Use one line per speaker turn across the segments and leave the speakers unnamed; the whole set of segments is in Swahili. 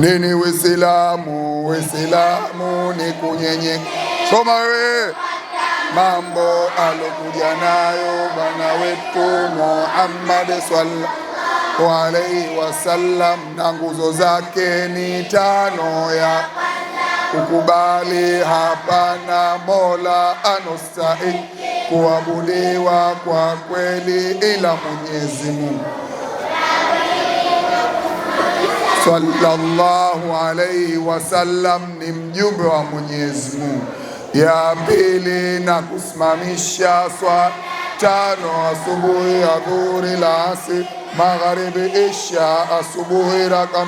Nini Uislamu? Uislamu ni kunyenye Soma we mambo alokuja nayo bwana wetu Muhammad sallallahu alaihi wasallam, na nguzo zake ni tano ya kukubali hapana mola anostahili kuabudiwa kwa kweli ila Mwenyezi Mungu sallallahu alaihi wasallam ni mjumbe wa Mwenyezi Mungu. Ya pili na kusimamisha swala tano asubuhi, ya la asi, magharibi, isha. Asubuhi raka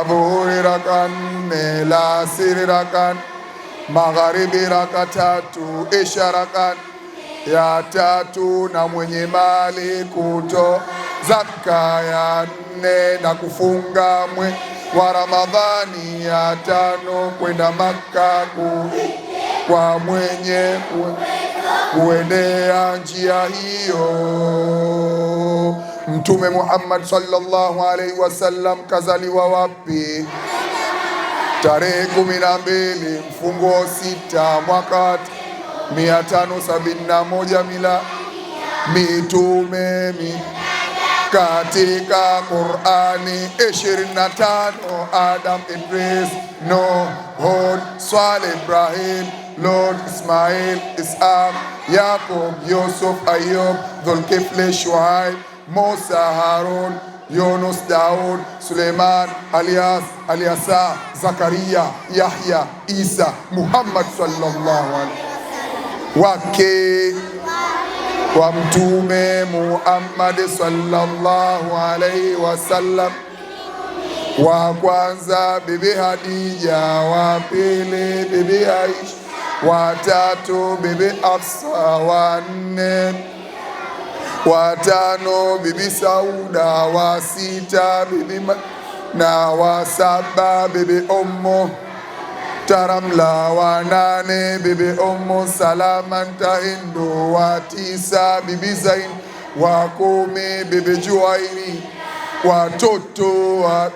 adhuhuri raka nne, laasiri raka magharibi raka tatu, isha raka ya tatu. Na mwenye mali kuto zaka ya nne na kufunga mwe wa Ramadhani ya tano kwenda Maka ku kwa mwenye kuendea njia hiyo. Mtume Muhammad sallallahu alaihi wasallam kazaliwa wapi? Tarehe kumi na mbili mfungo sita mwaka mia tano sabini na moja mila mitume mi Katika Qurani ishirini na tano Adam, Idris, Nuh, Hud, Swaleh, Ibrahim, Lot, Ismail, Ishaq, Yaqub, Yusuf, Ayub, Dhulkifli, Shuaib, Musa, Harun, Yunus, Daud, Suleiman, Alias, Aliasa, Zakaria, Yahya, Isa, Muhammad sallallahu alaihi wasallam wake wa Mtume Muhammad sallallahu alaihi wasallam, wa kwanza Bibi Hadija, wa pili Bibi Aisha, wa tatu Bibi Hafsa, wa nne wa tano Bibi Sauda, wa sita Bibi na wa saba Bibi Ummu Muhtaram la wa nane Bibi Ummu Salama Ntahindu, wa tisa Bibi Zain, wa kumi Bibi Juwaini, watoto wa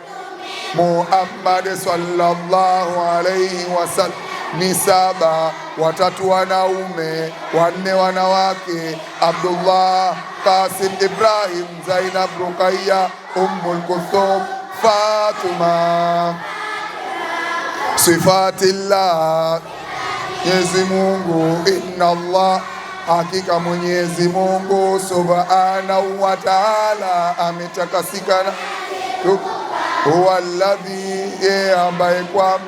Muhammad sallallahu alayhi wasallam ni saba, watatu wanaume, wanne wanawake: Abdullah, Qasim, Ibrahim, Zainab, Ruqayya, Ummul Kulthum, Fatuma sifatillah, Mwenyezi Mungu. Inna Allah, hakika Mwenyezi Mungu subhanahu wa ta'ala ametakasika. Huwa alladhi, ye ambaye kwa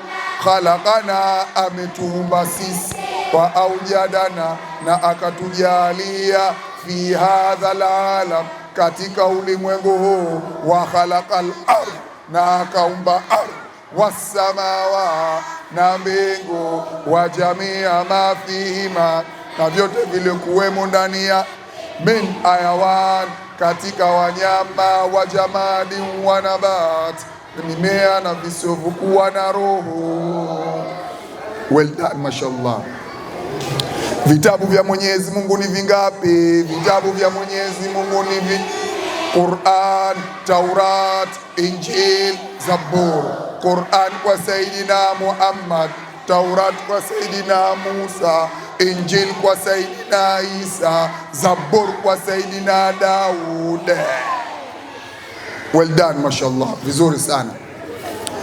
khalaqana, ametuumba sisi, wa aujadana, na akatujalia fi hadha alalam, katika ulimwengu huu, wa khalaqal ardh, na akaumba ardh wasamawa na mbingu wa jamia mafihima na vyote vilikuwemo ndani ya min ayawan katika wanyama wa jamadi wa nabat mimea na visivyokuwa na roho. Well done, mashallah. Vitabu vya Mwenyezi Mungu ni vingapi? Vitabu vya Mwenyezi Mungu ni vi Quran, Taurat, Injil, Zabur Qur'an kwa Saidina Muhammad, Taurat kwa Saidina Musa, Injil kwa Saidina Isa, Zabur kwa Saidina Daud. Well done, mashallah, vizuri sana.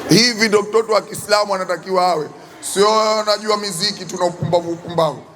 Hivi ndo mtoto wa Kiislamu anatakiwa awe, sio najua miziki tuna upumbavu upumbavu